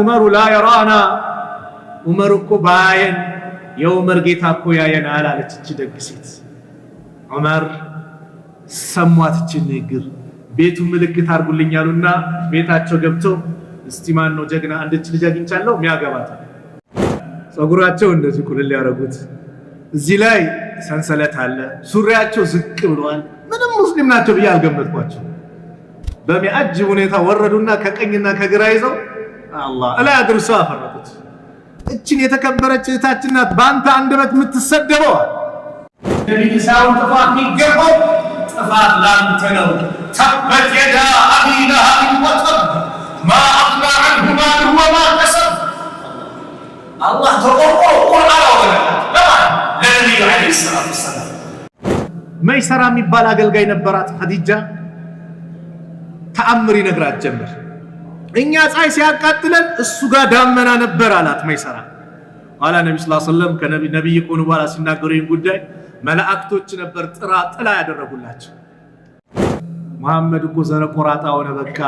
ዑመሩ ላ የራና ዑመር እኮ ባያየን የዑመር ጌታ እኮ ያየናል አለች እች ደግ ሴት። ዑመር ሰሟት እችን ንግግር ቤቱ ምልክት አድርጉልኛሉና ቤታቸው ገብተው እስቲ ማን ነው ጀግና አንድች ልጅ አግኝቻለሁ ሚያገባት ፀጉራቸው እንደዚህ ቁልል ያደረጉት እዚህ ላይ ሰንሰለት አለ። ሱሪያቸው ዝቅ ብለዋል። ምንም ሙስሊም ናቸው ብዬ አልገመትኳቸው። በሚያጅብ ሁኔታ ወረዱና ከቀኝና ከግራ ይዘው አላህ እላ ድርሶ አፈረጡት። እችን የተከበረች እህታችን ናት በአንተ አንደበት የምትሰደበው። ሰውን ጥፋት የሚገባው ጥፋት ላንተ ነው። ተበት የዳ አቢ ለሀብ ወጠብ ማ አቅላ አንሁ ማልሁ ወማ ከሰብ አላህ ተቆርቆ ቁርአን ለነቢዩ ዓለይሂ ሰላቱ ወሰላም መይሰራ የሚባል አገልጋይ ነበራት ኸዲጃ ተአምር ይነግራት ጀመር። እኛ ፀሐይ ሲያቃጥለን እሱ ጋር ዳመና ነበር አላት መይሰራ። ኋላ ነቢ ስ ሰለም ነቢይ ከሆኑ በኋላ ሲናገሩ ይህን ጉዳይ መላእክቶች ነበር ጥራ ጥላ ያደረጉላቸው። መሐመድ እኮ ዘረ ቆራጣ ሆነ። በቃ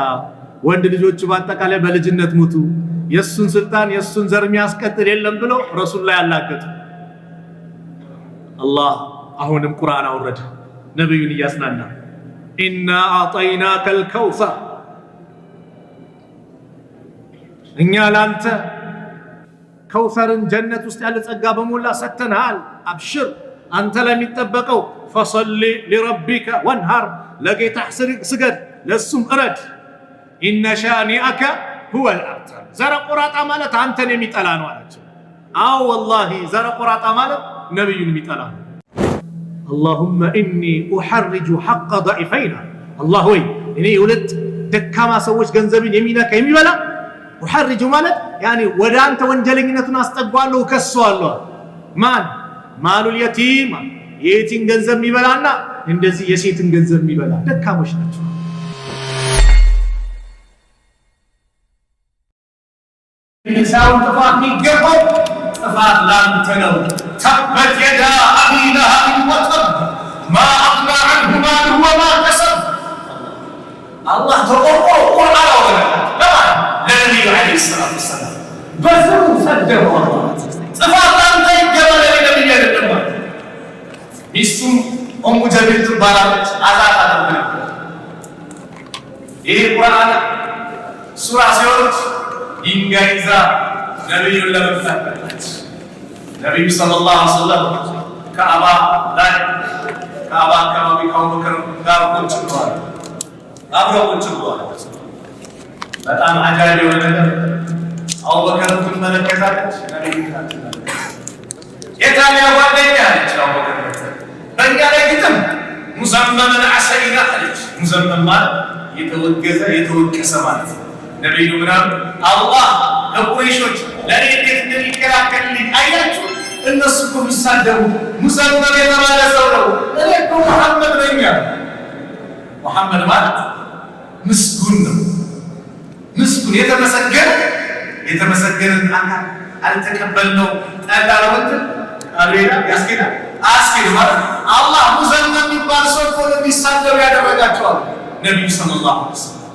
ወንድ ልጆቹ በአጠቃላይ በልጅነት ሞቱ። የእሱን ስልጣን የእሱን ዘር የሚያስቀጥል የለም ብለው ረሱል ላይ አላገጡ። አላህ አሁንም ቁርአን አወረደ ነቢዩን እያስናና ኢና አጠይናከ ልከውሰር እኛ ላንተ ከውሰርን ጀነት ውስጥ ያለ ጸጋ በሞላ ሰጥተንሃል። አብሽር አንተ ለሚጠበቀው ፈሰሊ ሊረቢከ ወንሃር፣ ለጌታህ ስገድ ለሱም እረድ። ኢነ ሻኒአከ ሁወ ልአብተር። ዘረ ቆራጣ ማለት አንተን የሚጠላ ነው አላቸው። አዎ ወላሂ ዘረ ቆራጣ ማለት ነቢዩን የሚጠላ ነው። አላሁመ ኢኒ ኡሐርጁ ሐቀ ዳኢፈይና፣ አላህ ወይ እኔ የሁለት ደካማ ሰዎች ገንዘብን የሚነካ የሚበላ ሐርጁ ማለት ያኔ ወደ አንተ ወንጀለኝነቱን አስጠጓለሁ እከሰዋለሁ። ማን ማሉል የቲም የየቲም ገንዘብ የሚበላና እንደዚህ የሴትን ገንዘብ የሚበላ ደካሞች ናቸው። ሳውን ጥፋት የሚገባው ጥፋት ላንተ ነው። ተበት የዳ አቢ ለሃብ ወጠብ ማ አቅና አንሁ ማልሁ ወማ ከሰብ አላህ በስሙ ሰደበው። ጥፋት አንተ ይገባል ለሚል ይገድባል። ሚስቱም ኡሙ ጀሚል ትባላለች። አዛት አደረገ። ይሄ ቁርአን ሱራ ሲወርድ ድንጋይ ይዛ ነቢዩን ለመምታት መጣች። ነቢዩ ሰለላሁ ዐለይሂ ከአባ ላይ ከአባ አካባቢ ከአቡበክር ጋር ቁጭ ብለዋል። አብረው ቁጭ ብለዋል። በጣም አጃቢ የሆነ ነገር አቡበከርን ትመለከታለች። የታሊያ ጓደኛ አለች። አቡበከር በእኛ ላይ ግጥም ሙዘመመን አሰኢዳ አለች። ሙዘመም ማለት የተወገዘ የተወቀሰ ማለት ነው። ነቢዩ ምናምን አላህ ለቁረይሾች ለእኔ እንዴት እንደሚከላከልልኝ አያችሁ። እነሱ እኮ የሚሳደቡ ሙዘመም የተባለ ሰው ነው። እኔ እኮ መሐመድ ነኛ። መሐመድ ማለት ምስጉን ነው። ምስጉን የተመሰገነ የተመሰገነን አካል አልተቀበልነው ጠላውን አልሬዳ ያስኬዳ አስኬድ ማለት አላህ ሙዘን የሚባል ሰው እኮ እንዲሳደብ ያደረጋቸዋል ነቢዩ ሰለላሁ ዐለይሂ ወሰለም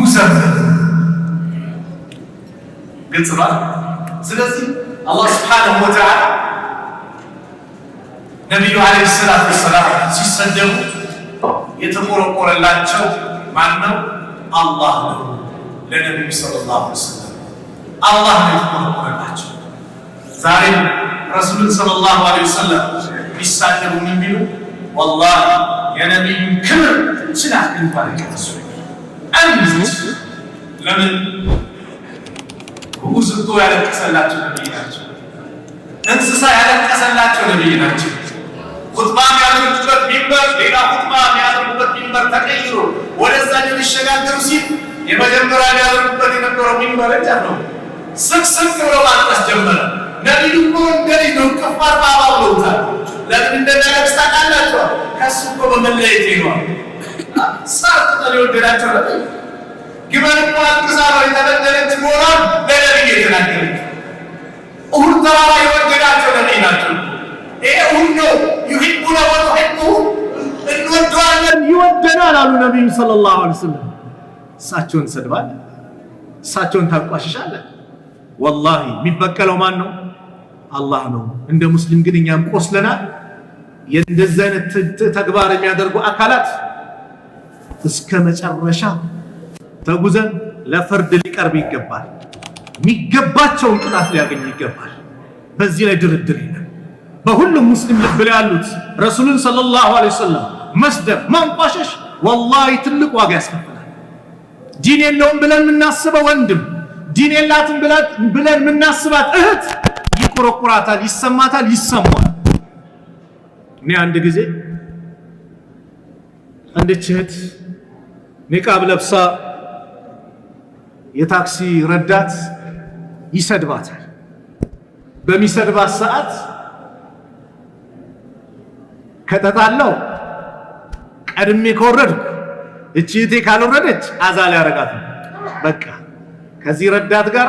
ሙዘን ግልጽ ማለት ስለዚህ አላህ ስብሓነሁ ወተዓላ ነቢዩ ዐለይሂ ሰላቱ ወሰላም ሲሰደቡ የተቆረቆረላቸው ማን ነው? አላህ ነው። ለነቢዩ ሰለላሁ ዐለይሂ ወሰለም አላህ ነው የተመረጣቸው። ዛሬም ረሱሉን ሰለላሁ ዐለይሂ ወሰለም ቢሳደቡ ምን ቢሉ ወላሂ የነቢዩን ክብር ስላክን ባለቀሱ አንድ ለምን ጉዝ ያለቀሰላቸው ነቢይ ናቸው። እንስሳ ያለቀሰላቸው ነቢይ ናቸው። ሁጥባ የሚያደርጉበት ሚንበር ሌላ ሁጥባ የሚያደርጉበት ሚንበር ተቀይሮ ወደዛ ሊሸጋገሩ ሲል የመጀመሪያ ሊያደርጉበት የነበረው ሚንበረጃ ነው። ስቅስቅ ብሎ ማልቀስ ጀመረ። ነቢዩ እኮ እንግዲህ ነው ከፋር ባባ ብለውታል። ለምን እንደሚያለቅስ ታውቃላችኋል? ከሱ እኮ በመለየት ይኗል ሳር ቅጠል የወደዳቸው ለ ግመል እኮ አግዛ የተበደለች ሞራል ለነቢይ የተናገረች እሁድ ተራራ የወደዳቸው ነቢይ ናቸው። ይሄ እሁድ ነው ዩሂቡነ ወቱሂቡሁ እንወደዋለን ይወደዳል አሉ ነቢዩ ሰለላሁ ዐለይሂ ወሰለም እሳቸውን ሰድባለ፣ እሳቸውን ታቋሽሻለ። ወላሂ የሚበቀለው ማን ነው? አላህ ነው። እንደ ሙስሊም ግን እኛም ቆስለናል። የእንደዚህ አይነት ተግባር የሚያደርጉ አካላት እስከ መጨረሻ ተጉዘን ለፍርድ ሊቀርብ ይገባል። የሚገባቸውን ቅጣት ሊያገኙ ይገባል። በዚህ ላይ ድርድር የለም። በሁሉም ሙስሊም ልብ ላይ ያሉት ረሱሉን ሰለላሁ ዐለይሂ ወሰለም መስደብ፣ ማንቋሸሽ ወላሂ ትልቅ ዋጋ ያስከፍላል። ዲን የለውም ብለን የምናስበው ወንድም፣ ዲን የላትም ብለን የምናስባት እህት ይቆረቁራታል፣ ይሰማታል፣ ይሰማል። እኔ አንድ ጊዜ አንድች እህት ኒቃብ ለብሳ የታክሲ ረዳት ይሰድባታል። በሚሰድባት ሰዓት ከጠጣለው ቀድሜ ከወረድኩ እቺ እቴ ካልወረደች አዛ ላይ ያረጋት ነው። በቃ ከዚህ ረዳት ጋር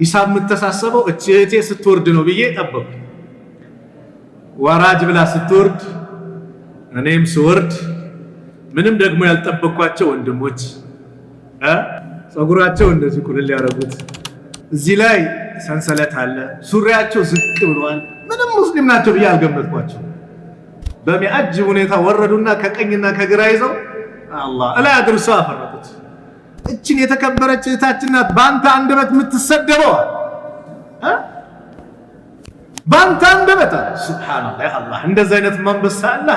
ሂሳብ የምተሳሰበው እቺ እቴ ስትወርድ ነው ብዬ ጠበቁ። ወራጅ ብላ ስትወርድ እኔም ስወርድ ምንም ደግሞ ያልጠበቅኳቸው ወንድሞች ፀጉራቸው እንደዚህ ቁልል ያደረጉት እዚህ ላይ ሰንሰለት አለ። ሱሪያቸው ዝቅ ብለዋል። ምንም ሙስሊም ናቸው ብዬ አልገመትኳቸው። በሚያጅብ ሁኔታ ወረዱና ከቀኝና ከግራ ይዘው አላህ እላ አድርሶ አፈረጡት። እችን የተከበረች እህታችን ናት በአንተ አንደበት የምትሰደበው በአንተ አንደበት። ሱብሓነላህ አላህ እንደዚህ አይነት መንበሳ አለ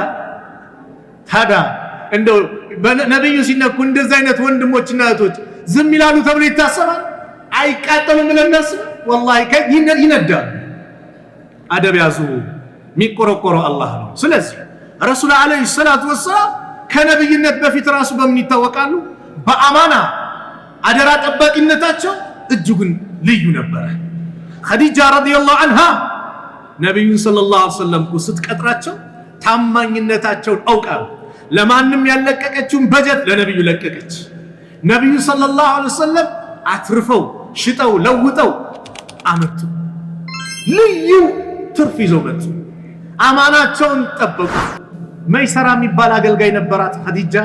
ታዲያ እንደው ነቢዩ ሲነኩ እንደዚህ አይነት ወንድሞችና እህቶች ዝም ይላሉ ተብሎ ይታሰባል። አይቃጠሉም ለነሱ ወላሂ ይነዳሉ። አደብ ያዙ። የሚቆረቆረው አላህ ነው። ስለዚህ ረሱል ዓለይሂ ሰላቱ ወሰላም ከነብይነት በፊት ራሱ በምን ይታወቃሉ? በአማና አደራ ጠባቂነታቸው እጅጉን ልዩ ነበረ። ኸዲጃ ረዲየላሁ አንሃ ነቢዩን ሰለላሁ ዐለይሂ ወሰለም ስትቀጥራቸው ታማኝነታቸውን አውቃ ለማንም ያለቀቀችውን በጀት ለነቢዩ ለቀቀች። ነቢዩ ሰለላሁ ዐለይሂ ወሰለም አትርፈው ሽጠው ለውጠው አመጡ። ልዩ ትርፍ ይዘው መጡ። አማናቸውን ጠበቁ። መይሰራ የሚባል አገልጋይ ነበራት። ኸዲጃ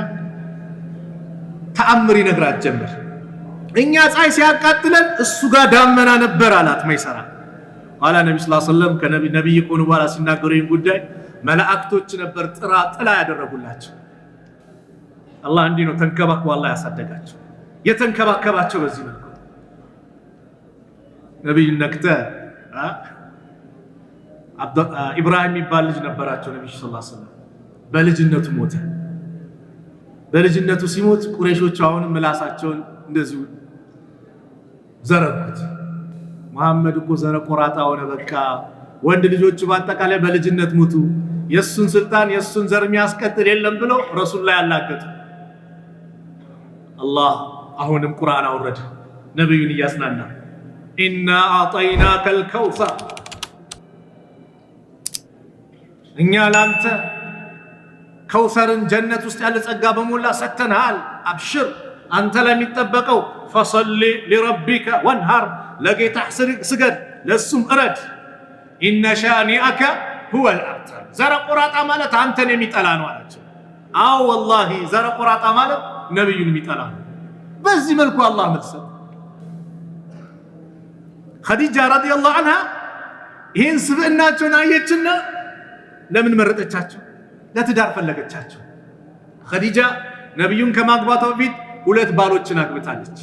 ተአምር ይነግራት ጀመር። እኛ ፀሐይ ሲያቃጥለን እሱ ጋር ዳመና ነበር አላት መይሰራ። ኋላ ነቢ ስ ሰለም ነቢይ ከሆኑ በኋላ ሲናገሩ ይህን ጉዳይ መላእክቶች ነበር ጥራ ጥላ ያደረጉላቸው። አላህ እንዲህ ነው ተንከባክቦ አላህ ያሳደጋቸው የተንከባከባቸው በዚህ መልኩ ነቢይ ነክተ ኢብራሂም የሚባል ልጅ ነበራቸው ነቢ ስ ሰለም በልጅነቱ ሞተ። በልጅነቱ ሲሞት ቁሬሾቹ አሁን ምላሳቸውን እንደዚሁ ዘረጉት። መሐመድ እኮ ዘረ ቆራጣ ሆነ። በቃ ወንድ ልጆቹ በአጠቃላይ በልጅነት ሞቱ። የእሱን ስልጣን የእሱን ዘር የሚያስቀጥል የለም ብለው ረሱል ላይ አላገጡ። አላህ አሁንም ቁርአን አውረድ ነቢዩን እያጽናና ኢና አዕጠይናከ አልከውሰር እኛ ላንተ ከውሰርን ጀነት ውስጥ ያለ ጸጋ በሞላ ሰተንሃል። አብሽር አንተ ላይ የሚጠበቀው ፈሰሊ ሊረቢከ ወንሃር፣ ለጌታህ ስገድ ለሱም እረድ። ኢነ ሻኒአከ ሁወ ልአብተር። ዘረ ቆራጣ ማለት አንተን የሚጠላ ነው አላቸው። አዎ ወላሂ ዘረ ቆራጣ ማለት ነቢዩን የሚጠላ ነው። በዚህ መልኩ አላህ መልሰ ኸዲጃ ረዲየላሁ አንሃ ይህን ስብዕናቸውን አየችና ለምን መረጠቻቸው? ለትዳር ፈለገቻቸው። ኸዲጃ ነቢዩን ከማግባቷ በፊት ሁለት ባሎችን አግብታለች።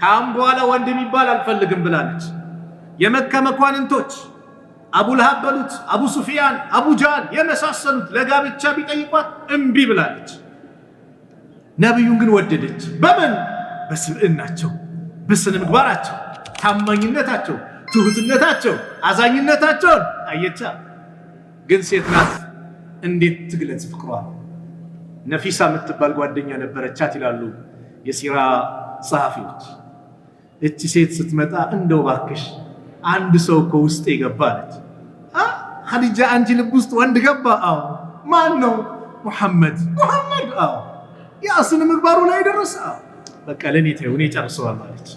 ከአሁን በኋላ ወንድ የሚባል አልፈልግም ብላለች። የመካ መኳንንቶች አቡልሃብ በሉት፣ አቡ ሱፊያን፣ አቡ ጃል የመሳሰሉት ለጋብቻ ቢጠይቋት እምቢ ብላለች። ነቢዩን ግን ወደደች። በምን በስብዕናቸው፣ በስነ ምግባራቸው፣ ታማኝነታቸው፣ ትሁትነታቸው፣ አዛኝነታቸውን አየቻ። ግን ሴት ናት። እንዴት ትግለጽ ፍቅሯል? ነፊሳ የምትባል ጓደኛ ነበረቻት ይላሉ የሲራ ጸሐፊዎች። እቺ ሴት ስትመጣ እንደው ባክሽ አንድ ሰው ውስጥ የገባ አለች። ሀዲጃ አንቺ ልብ ውስጥ ወንድ ገባ? አዎ። ማን ነው? ሙሐመድ። ሙሐመድ? አዎ። ያ ስነ ምግባሩ ላይ ደረሰ? አዎ። በቃ ለእኔ ተይው እኔ ጨርሰዋል ማለች።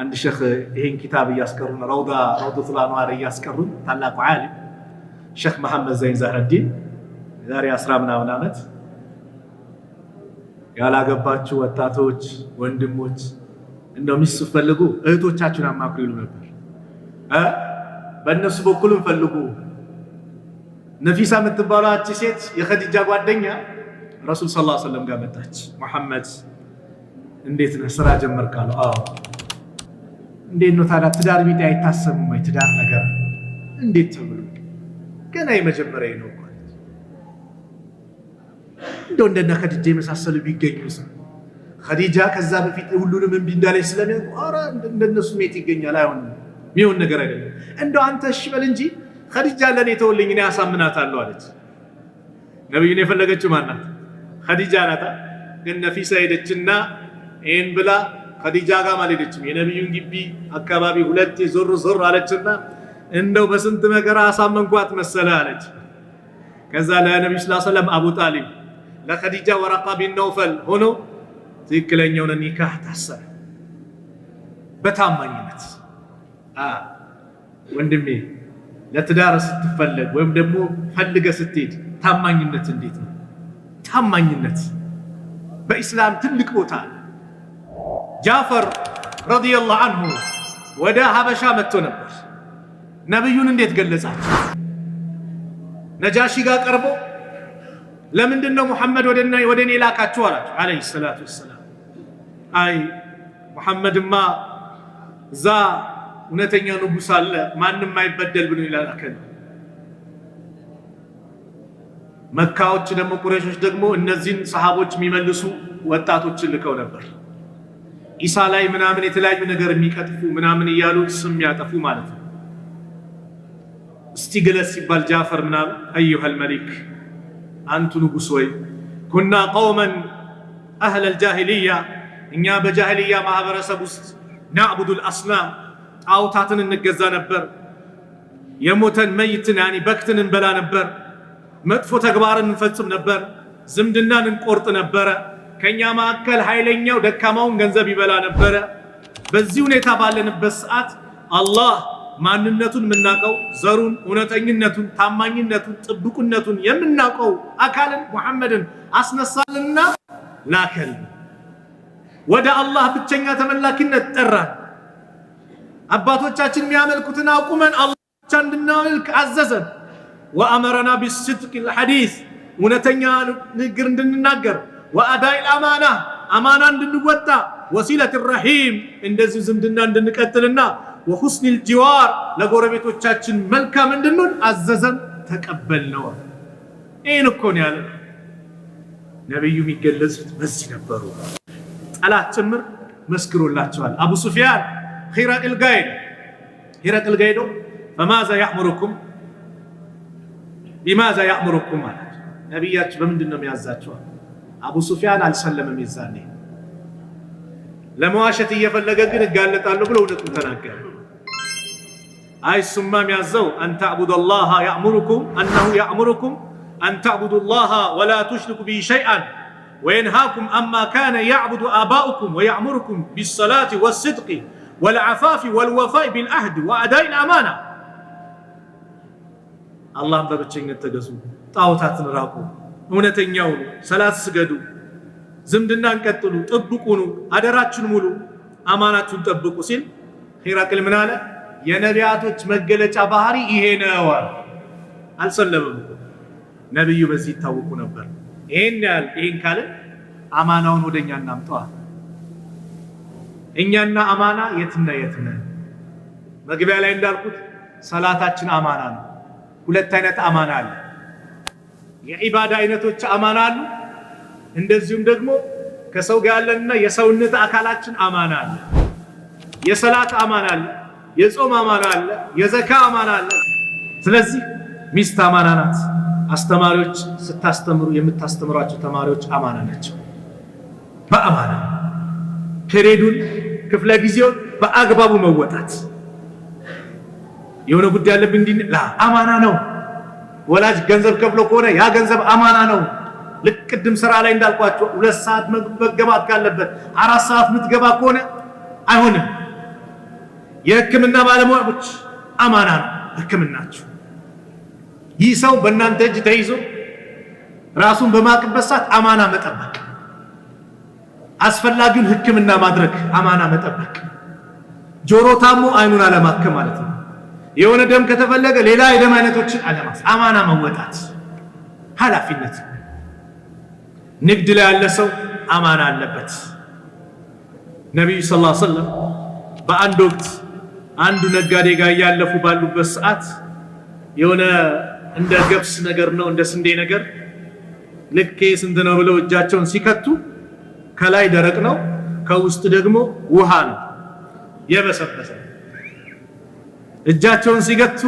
አንድ ሸህ ይሄን ኪታብ እያስቀሩን ረውዳ ረውደቱል አንዋር እያስቀሩን ታላቁ ዓሊም ሼክ መሐመድ ዘይን ዛህረዲን የዛሬ አስራ ምናምን ዓመት ያላገባችሁ ወጣቶች ወንድሞች እንደው ሚስት ስትፈልጉ እህቶቻችሁን አማክሩ ይሉ ነበር። በእነሱ በኩልም ፈልጉ። ነፊሳ አቺ ሴት የኸዲጃ ጓደኛ ረሱል ሰለላሁ ዐለይሂ ወሰለም ጋር መጣች። መሐመድ እንዴት ነህ? ስራ ጀመርክ? አለው። አዎ። እንዴት ነው ታዲያ ትዳር ቢጤ አይታሰብም ወይ? ትዳር ነገር እንዴት ገና የመጀመሪያ ነው ማለት እንደው እንደና ከድጃ የመሳሰሉ ቢገኙ ከዲጃ ከዛ በፊት ሁሉንም እምቢ እንዳለች ስለሚያውቁ ኧረ እንደነሱ ሜት ይገኛል። አይሆንም፣ የሚሆን ነገር አይደለም። እንደው አንተ እሺ በል እንጂ ከዲጃ ለእኔ ተወልኝ፣ እኔ አሳምናታለሁ አለች። ነቢዩን የፈለገችው ማናት? ከዲጃ ናታ። ግን ነፊሳ ሄደችና ይህን ብላ ከዲጃ ጋር አልሄደችም። የነቢዩን ግቢ አካባቢ ሁለት ዞር ዞር አለችና እንደው በስንት መከራ አሳመንኳት መሰለ አለች። ከዛ ለነቢ ስ ሰለም አቡ ጣሊብ ለከዲጃ ወረቃ ቢን ነውፈል ሆኖ ትክክለኛውን ኒካህ ታሰረ። በታማኝነት ወንድሜ ለትዳር ስትፈለግ ወይም ደግሞ ፈልገ ስትሄድ ታማኝነት እንዴት ነው? ታማኝነት በኢስላም ትልቅ ቦታ ጃፈር ረዲየላሁ አንሁ ወደ ሀበሻ መጥቶ ነበር። ነብዩን እንዴት ገለጻችሁ ነጃሺ ጋር ቀርቦ ለምንድን ነው ሙሐመድ ወደ እኔ ላካችሁ አላቸው አለይሂ ሰላቱ ወሰላም። አይ ሙሐመድማ እዛ እውነተኛ ንጉሥ አለ ማንም አይበደል ብሎ ይላላከን። መካዎች ደግሞ ቁረይሾች ደግሞ እነዚህን ሰሃቦች የሚመልሱ ወጣቶችን ልከው ነበር ኢሳ ላይ ምናምን የተለያዩ ነገር የሚቀጥፉ ምናምን እያሉ ስም ያጠፉ ማለት ነው። እስቲ ግለጽ ሲባል ጃፈር ምናምን አዩሃል መሊክ አንቱ ንጉሥ ወይ ኩና ቀውመን አህለል ጃሂልያ እኛ በጃሂልያ ማህበረሰብ ውስጥ ናዕቡዱል አስናም ጣውታትን እንገዛ ነበር። የሞተን መይትን ያኒ በክትን እንበላ ነበር። መጥፎ ተግባርን እንፈጽም ነበር። ዝምድናን እንቆርጥ ነበረ። ከእኛ መካከል ኃይለኛው ደካማውን ገንዘብ ይበላ ነበረ። በዚህ ሁኔታ ባለንበት ሰዓት አላህ ማንነቱን የምናውቀው ዘሩን፣ እውነተኝነቱን፣ ታማኝነቱን፣ ጥብቁነቱን የምናውቀው አካልን ሙሐመድን አስነሳልና ላከል ወደ አላህ ብቸኛ ተመላኪነት ጠራን። አባቶቻችን የሚያመልኩትን አቁመን አላህ ብቻ እንድናመልክ አዘዘን። ወአመረና ቢስድቅ ልሐዲስ እውነተኛ ንግግር እንድንናገር፣ ወአዳይ አማና አማና እንድንወጣ፣ ወሲለት ራሒም እንደዚሁ ዝምድና እንድንቀጥልና ወሁስኒል ጂዋር ለጎረቤቶቻችን መልካም እንድንሆን አዘዘን፣ ተቀበልነው። ይህን እኮ ነው ያለ ነቢዩ። የሚገለጹት በዚህ ነበሩ። ጠላት ጭምር መስክሮላቸዋል። አቡ ሱፊያን ሂረቅል ጋይዶ ሂረቅል ጋይዶ በማዛ ያእምሩኩም ቢማዛ ያእምሩኩም ማለት ነቢያቸው በምንድን ነው የሚያዛቸዋል? አቡ ሱፊያን አልሰለምም ይዛኔ ለመዋሸት እየፈለገ ግን እጋለጣለሁ ብሎ እውነቱን ተናገረ። አይ ሱማ የሚያዘው አንተዕቡዱ ላሃ ያእሙሩኩም አነሁ ያእሙሩኩም አንተዕቡዱ ላሃ ወላ ቱሽሪኩ ቢሂ ሸይአን ወየንሃኩም አማ ካነ ያዕቡዱ አባኡኩም ወያእሙሩኩም ቢሰላት ወስድቂ ወልዓፋፊ ወልወፋኢ ቢልአህድ ወአዳኢል አማና አላህን በብቸኝነት ተገዙ፣ ጣዖታትን ራቁ፣ እውነተኛው ሰላት ስገዱ፣ ዝምድናን ቀጥሉ፣ ጥብቁኑ፣ አደራችን ሙሉ፣ አማናችሁን ጠብቁ ሲል ሂራቅል ምን አለ? የነቢያቶች መገለጫ ባህሪ ይሄ ነው። አልሰለምም ነብዩ በዚህ ይታወቁ ነበር። ይሄን ያህል ይሄን ካለ አማናውን ወደኛ እናምጣው። እኛና አማና የትና የትና መግቢያ ላይ እንዳልኩት ሰላታችን አማና ነው። ሁለት አይነት አማና አለ። የኢባዳ አይነቶች አማና አሉ። እንደዚሁም ደግሞ ከሰው ጋር ያለንና የሰውነት አካላችን አማና አለ። የሰላት አማና አለ። የጾም አማና አለ፣ የዘካ አማና አለ። ስለዚህ ሚስት አማና ናት። አስተማሪዎች ስታስተምሩ የምታስተምሯቸው ተማሪዎች አማና ናቸው። በአማና ፔሬዱን ክፍለ ጊዜውን በአግባቡ መወጣት የሆነ ጉዳይ አለብን እንዲህ ላ አማና ነው። ወላጅ ገንዘብ ከፍሎ ከሆነ ያ ገንዘብ አማና ነው። ልክ ቅድም ስራ ላይ እንዳልኳቸው ሁለት ሰዓት መገባት ካለበት አራት ሰዓት ምትገባ ከሆነ አይሆንም። የህክምና ባለሙያዎች አማና ነው ህክምናችሁ። ይህ ሰው በእናንተ እጅ ተይዞ ራሱን በማቅበት ሰዓት አማና መጠበቅ፣ አስፈላጊውን ህክምና ማድረግ፣ አማና መጠበቅ። ጆሮ ታሞ አይኑን አለማከም ማለት ነው። የሆነ ደም ከተፈለገ ሌላ የደም አይነቶችን አለማስ አማና መወጣት ኃላፊነት። ንግድ ላይ ያለ ሰው አማና አለበት። ነቢዩ ሰለላሁ ዐለይሂ ወሰለም በአንድ ወቅት አንዱ ነጋዴ ጋር እያለፉ ባሉበት ሰዓት የሆነ እንደ ገብስ ነገር ነው እንደ ስንዴ ነገር ልኬ ስንት ነው ብለው እጃቸውን ሲከቱ ከላይ ደረቅ ነው፣ ከውስጥ ደግሞ ውሃ ነው የበሰበሰ። እጃቸውን ሲገቱ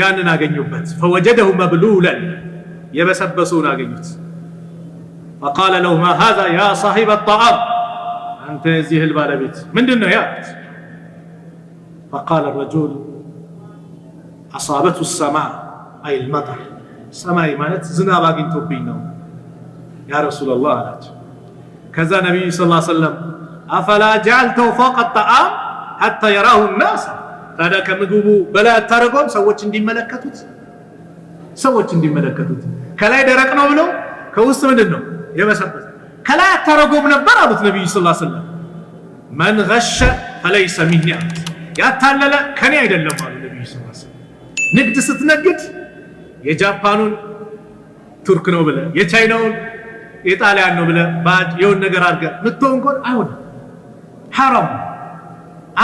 ያንን አገኙበት። ፈወጀደሁ መብሉለን የበሰበሰውን አገኙት። ፈቃለ ለሁ ማ ሃዛ ያ ሳሒበ ጣዓም፣ አንተ የዚህ እህል ባለቤት ምንድን ነው ያሉት فقال الرجل አሳበቱ ሰማዕ አይል መጠር ሰማይ ማለት ዝናብ አግኝቶብኝ ነው ያ ረሱላላህ አላቸው። ከዛ ነቢዩ ሰለላሁ ዐለይሂ ወሰለም አፈላ ጀዐልተው ፈውቀ ጠዓም ሐታ የራሁ ናስ፣ ታዲያ ከምግቡ በላይ አታደርገውም ሰዎች እንዲመለከቱት ሰዎች እንዲመለከቱት። ከላይ ደረቅ ነው ብለው ከውስጥ ምንድን ነው የበሰበት ከላይ አታደርገውም ነበር አሉት ነቢዩ ሰለላሁ ዐለይሂ ወሰለም። መን ገሸ ፈለይሰ ሚኒ አሉት ያታለለ ከኔ አይደለም አሉ ነቢዩ ስ ንግድ ስትነግድ የጃፓኑን ቱርክ ነው ብለ የቻይናውን የጣሊያን ነው ብለ የውን ነገር አድርገ ምትሆን ኮን አይሆን ሐራም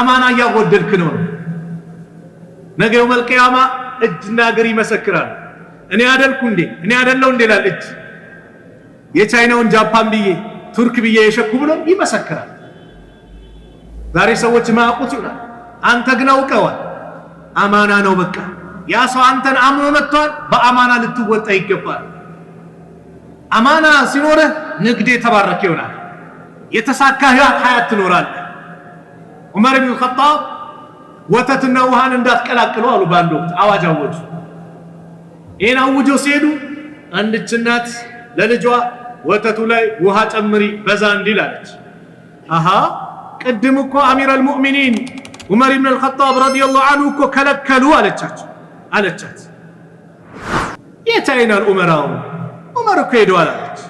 አማና እያጎደልክ ነው ነው ነገው የውመል እጅና እግር ይመሰክራል እኔ አደልኩ እንዴ እኔ አደለው እንዴ ላል እጅ የቻይናውን ጃፓን ብዬ ቱርክ ብዬ የሸኩ ብሎ ይመሰክራል ዛሬ ሰዎች ማያውቁት ይሆናል አንተ ግን አውቀዋል። አማና ነው በቃ ያ ሰው አንተን አምኖ መጥቷል። በአማና ልትወጣ ይገባል። አማና ሲኖርህ ንግድ የተባረከ ይሆናል። የተሳካ ሀያት ትኖራለህ። ዑመር ብን ኸጣብ ወተትና ውሃን እንዳትቀላቅሉ አሉ። በአንድ ወቅት አዋጅ አወጁ። ይህን አውጆ ሲሄዱ አንድች እናት ለልጇ ወተቱ ላይ ውሃ ጨምሪ በዛ እንዲላለች። አሃ ቅድም እኮ አሚራል ሙእሚኒን ዑመር ብን አልኸጣብ ረዲየላሁ አንሁ እኮ ከለከሉ አለቻቸው አለቻት። የት አይናል ዑመራው ዑመር እኮ ሄደዋል አለች።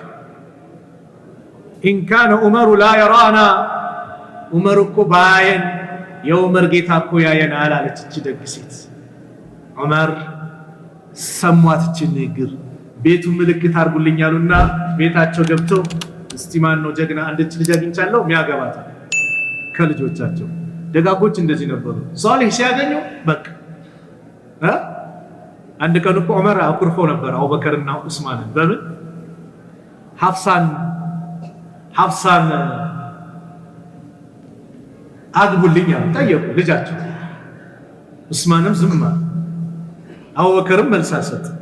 ኢንካነ ዑመሩ ላ የራና ዑመር እኮ ባያየን የዑመር ጌታ እኮ ያየናል አለች። እቺ ደግ ሴት ዑመር ሰሟት እቺ ንግግር ቤቱ ምልክት አድርጉልኛሉና ቤታቸው ገብተው እስቲ ማን ነው ጀግና አንድች ልጅ አግኝቻለሁ ሚያገባት ከልጆቻቸው ደጋጎች እንደዚህ ነበሩ። ሷሊህ ሲያገኙ በቃ አንድ ቀን እኮ ዑመር አኩርፎ ነበር አቡበከርና ዑስማንን በምን ሐፍሳን ሐፍሳን አግቡልኝ አሉ፣ ጠየቁ ልጃቸው። ዑስማንም ዝም አለ፣ አቡበከርም መልስ አልሰጠም።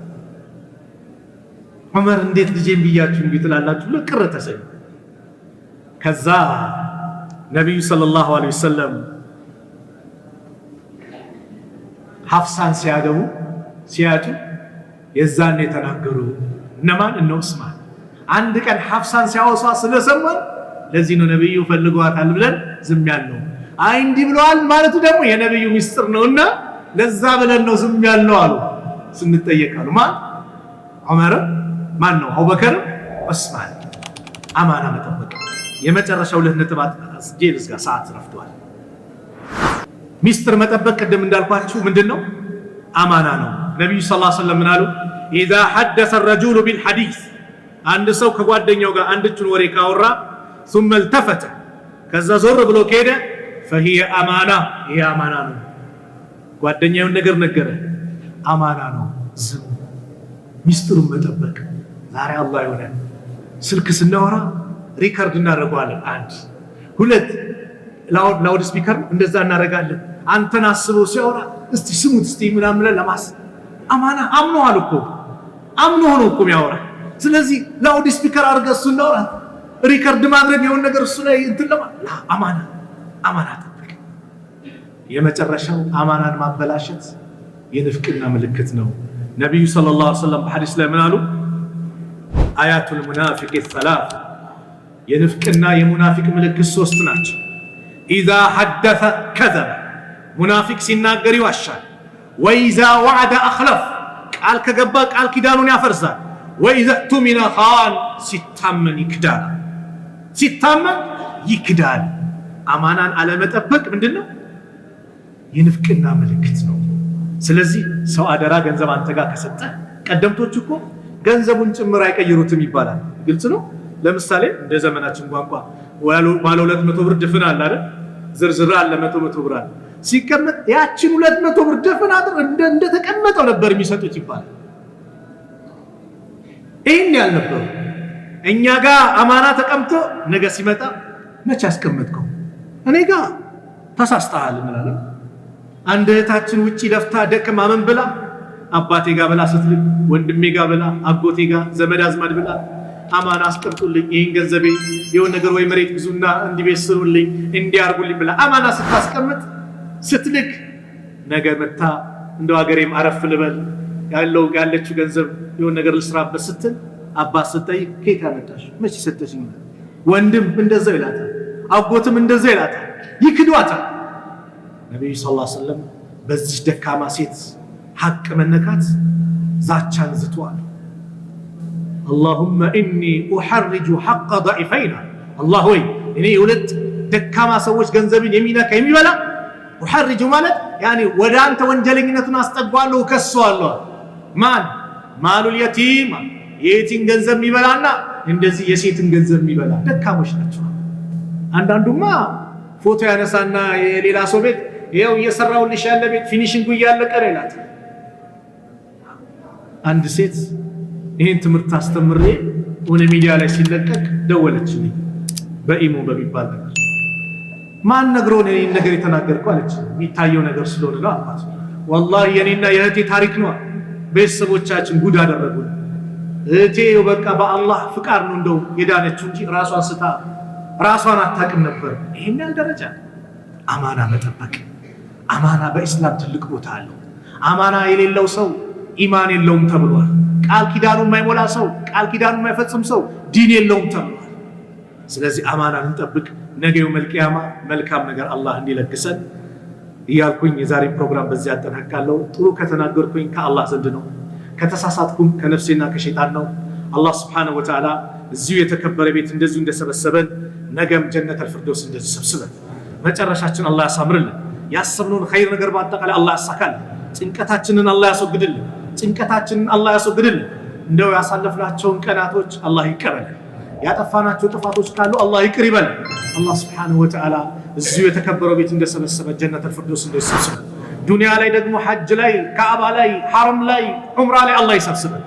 ዑመር እንዴት ልጄን ብያችሁ እንቢ ትላላችሁ ብሎ ቅር ተሰኙ። ከዛ ነቢዩ ሰለላሁ ዐለይሂ ወሰለም ሀፍሳን ሲያገቡ ሲያጡ የዛን የተናገሩ እነማን? እነ ዑስማን። አንድ ቀን ሀፍሳን ሲያወሷ ስለሰማን ለዚህ ነው ነቢዩ ፈልገዋታል ብለን ዝም ያልነው። አይ እንዲህ ብለዋል ማለቱ ደግሞ የነቢዩ ሚስጥር ነውና ለዛ ብለን ነው ዝም ያልነው አሉ። ስንጠየቃሉ ማን ዑመርም ማን ነው አቡበከርም ዑስማን። አማና መጠበቅ የመጨረሻ ሁለት ነጥብ አስጄ ልዝጋ፣ ሰዓት ረፍደዋል። ሚስጥር መጠበቅ ቅድም እንዳልኳችሁ ምንድን ነው? አማና ነው። ነቢዩ ስ ላ ስለም ምናሉ ኢዛ ሐደሰ ረጁሉ ቢልሐዲስ አንድ ሰው ከጓደኛው ጋር አንድችን ወሬ ካወራ ሱመ ልተፈተ ከዛ ዞር ብሎ ከሄደ ፈሂየ አማና ይሄ አማና ነው። ጓደኛውን ነገር ነገረ አማና ነው። ዝም ሚስጥሩን መጠበቅ ዛሬ አላህ ይሆነ ስልክ ስናወራ ሪከርድ እናደርገዋለን። አንድ ሁለት ላውድ ስፒከር እንደዛ እናደርጋለን። አንተን አስቦ ሲያወራ እስቲ ስሙት እስቲ ምናምን ለማስ አማና አምኖሃል እኮ አምኖ ሆኖ እኮ የሚያወራ ስለዚህ ላውድ ስፒከር አድርገ እሱ እናወራ ሪከርድ ማድረግ የሆን ነገር እሱ ላይ እንትን ለማ አማና አማና ጠብቅ። የመጨረሻው አማናን ማበላሸት የንፍቅና ምልክት ነው። ነቢዩ ሰለላሁ ዐለይሂ ወሰለም በሐዲስ ላይ ምን አሉ? አያቱል ሙናፊቅ ሰላት የንፍቅና የሙናፊቅ ምልክት ሶስት ናቸው። ኢዛ ሐደፈ ከዘበ፣ ሙናፊቅ ሲናገር ይዋሻል። ወኢዛ ዋዕደ አኽለፍ፣ ቃል ከገባ ቃል ኪዳኑን ያፈርሳል። ወኢዛ እቱሚነ ኻን፣ ሲታመን ይክዳል። ሲታመን ይክዳል። አማናን አለመጠበቅ ምንድን ነው? የንፍቅና ምልክት ነው። ስለዚህ ሰው አደራ ገንዘብ አንተ ጋር ከሰጠ ቀደምቶች እኮ ገንዘቡን ጭምር አይቀይሩትም ይባላል። ግልጽ ነው። ለምሳሌ እንደ ዘመናችን ቋንቋ ባለ ሁለት መቶ ብር ድፍን አለ አይደል? ዝርዝር አለ መቶ መቶ ብር አለ። ሲቀመጥ ያችን ሁለት መቶ ብር ድፍን እንደ ተቀመጠው ነበር የሚሰጡት ይባላል። ይህን ያልነበሩ እኛ ጋር አማና ተቀምጦ ነገ ሲመጣ መቼ አስቀመጥከው እኔ ጋር ተሳስተሃል እንላለን። አንድ እህታችን ውጪ ለፍታ ደክማ ምን ብላ አባቴ ጋር ብላ ስትል፣ ወንድሜ ጋር ብላ፣ አጎቴ ጋር ዘመድ አዝማድ ብላ አማን አስቀምጡልኝ፣ ይህን ገንዘቤ የሆን ነገር ወይ መሬት ብዙና እንዲቤት ስሩልኝ፣ እንዲያርጉልኝ ብላ አማና ስታስቀምጥ ስትልክ ነገ መታ እንደ ሀገሬም አረፍ ልበል ያለው ያለችው ገንዘብ የሆን ነገር ልስራበት ስትል አባት ስትጠይቅ ከየት አመጣሽ? መቼ ሰጠሽኝ? ወንድም እንደዛው ይላታል፣ አጎትም እንደዛው ይላታል። ይክዷታል። ነቢዩ ስ ላ ወሰለም በዚህ ደካማ ሴት ሀቅ መነካት ዛቻን ዝተዋል። አላሁመ እኒ ኡሐርጁ ሐቀ ضዒፈይና አላህ ወይ እኔ የሁለት ደካማ ሰዎች ገንዘብን የሚነካ የሚበላ ኡሐርጁ ማለት ያኒ ወደ አንተ ወንጀለኝነቱን አስጠጓለሁ እከሰዋለሁ ማን ማሉል የቲም የየቲም ገንዘብ የሚበላና እንደዚህ የሴትን ገንዘብ የሚበላ ደካሞች ናቸው አንዳንዱማ ፎቶ ያነሳና የሌላ ሰው ቤት ይኸው እየሰራሁልሽ ያለ ቤት ፊኒሽንጉ እያለቀ ነው ይላት አንድ ሴት ይህን ትምህርት አስተምሬ ሆነ ሚዲያ ላይ ሲለቀቅ ደወለችልኝ። በኢሞ በሚባል ነገር ማን ነግሮን የኔን ነገር የተናገርከው አለች። የሚታየው ነገር ስለሆነ ነው አባት። ወላሂ የኔና የእህቴ ታሪክ ነው። ቤተሰቦቻችን ጉድ አደረጉ። እህቴ በቃ በአላህ ፍቃድ ነው እንደው የዳነችው እንጂ ራሷን ስታ ራሷን አታውቅም ነበር። ይሄን ያህል ደረጃ አማና መጠበቅ፣ አማና በኢስላም ትልቅ ቦታ አለው። አማና የሌለው ሰው ኢማን የለውም ተብሏል። ቃል ኪዳኑ የማይሞላ ሰው፣ ቃል ኪዳኑ የማይፈጽም ሰው ዲን የለውም ተብሏል። ስለዚህ አማናን እንጠብቅ። ነገው መልቅያማ መልካም ነገር አላህ እንዲለግሰን እያልኩኝ የዛሬ ፕሮግራም በዚህ ያጠናቅቃለሁ። ጥሩ ከተናገርኩኝ ከአላህ ዘንድ ነው፣ ከተሳሳትኩም ከነፍሴና ከሸይጣን ነው። አላህ ስብሓነሁ ወተዓላ እዚሁ የተከበረ ቤት እንደዚሁ እንደሰበሰበን ነገም ጀነት አልፍርዶስ እንደዚህ ሰብስበን መጨረሻችን አላህ ያሳምርልን። ያሰብነውን ኸይር ነገር በአጠቃላይ አላህ ያሳካል። ጭንቀታችንን አላህ ያስወግድልን። ጭንቀታችንን አላህ ያስወግድል እንደው ያሳለፍናቸውን ቀናቶች አላህ ይቀበል። ያጠፋናቸው ጥፋቶች ካሉ አላህ ይቅር ይበል። አላህ ስብሓነሁ ወተዓላ እዚሁ የተከበረው ቤት እንደሰበሰበ ጀነተል ፊርደውስ እንደሰበሰበ ዱንያ ላይ ደግሞ ሐጅ ላይ ካዕባ ላይ ሐረም ላይ ዑምራ ላይ አላህ ይሰብስበን፣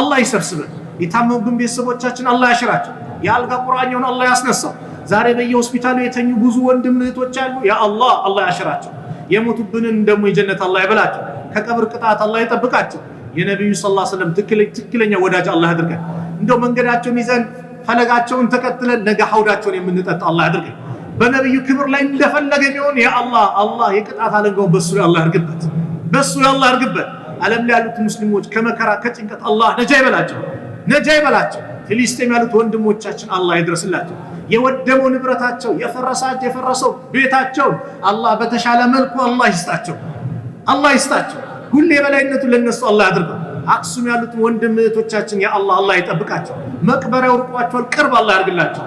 አላህ ይሰብስበን። የታመሙብን ቤተሰቦቻችን አላህ ያሽራቸው። የአልጋ ቁራኛውን አላህ ያስነሳው። ዛሬ በየሆስፒታሉ የተኙ ብዙ ወንድም እህቶች አሉ። ያ አላህ አላህ ያሽራቸው። የሞቱብንን ደግሞ የጀነት አላህ ይበላቸው፣ ከቀብር ቅጣት አላህ ይጠብቃቸው። የነቢዩ ሰለላሁ ዐለይሂ ወሰለም ትክክለኛ ወዳጅ አላህ ያድርገን። እንደው መንገዳቸውን ይዘን ፈለጋቸውን ተከትለን ነገ ሐውዳቸውን የምንጠጣ አላህ ያድርገን። በነቢዩ ክብር ላይ እንደፈለገ ቢሆን የአላህ አላህ የቅጣት አለንጋውን በሱ ላይ አላህ ያርግበት፣ በሱ ላይ አላህ ያርግበት። ዓለም ላይ ያሉት ሙስሊሞች ከመከራ ከጭንቀት አላህ ነጃ ይበላቸው፣ ነጃ ይበላቸው። ፊሊስጤም ያሉት ወንድሞቻችን አላህ ይድረስላቸው። የወደመው ንብረታቸው፣ የፈረሳት የፈረሰው ቤታቸው አላህ በተሻለ መልኩ አላህ ይስጣቸው፣ አላህ ይስጣቸው። ሁሌ የበላይነቱ ለነሱ አላህ ያድርገው። አክሱም ያሉት ወንድም እህቶቻችን ያ አላህ ይጠብቃቸው። መቅበሪያው ርቋቸዋል፣ ቅርብ አላህ ያድርግላቸው፣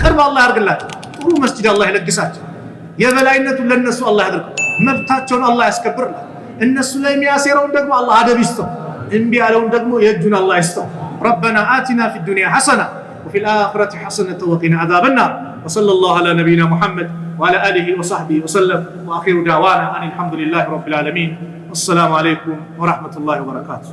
ቅርብ አላህ ያርግላቸው ጥሩ መስጂድ አላህ ይለግሳቸው። የበላይነቱ ለነሱ አላህ ያድርገው። መብታቸውን አላህ ያስከብርላቸው። እነሱ ላይ የሚያሴረውን ደግሞ አላህ አደብ ይስጠው፣ እምቢ ያለውን ደግሞ የእጁን አላህ ይስጠው። ረበና አቲና ፊ ዱንያ ሐሰና وفي الآخرة حسنة وقنا عذاب النار وصلى الله على نبينا محمد وعلى آله وصحبه وسلم وآخر دعوانا أن الحمد لله رب العالمين والسلام عليكم ورحمة الله وبركاته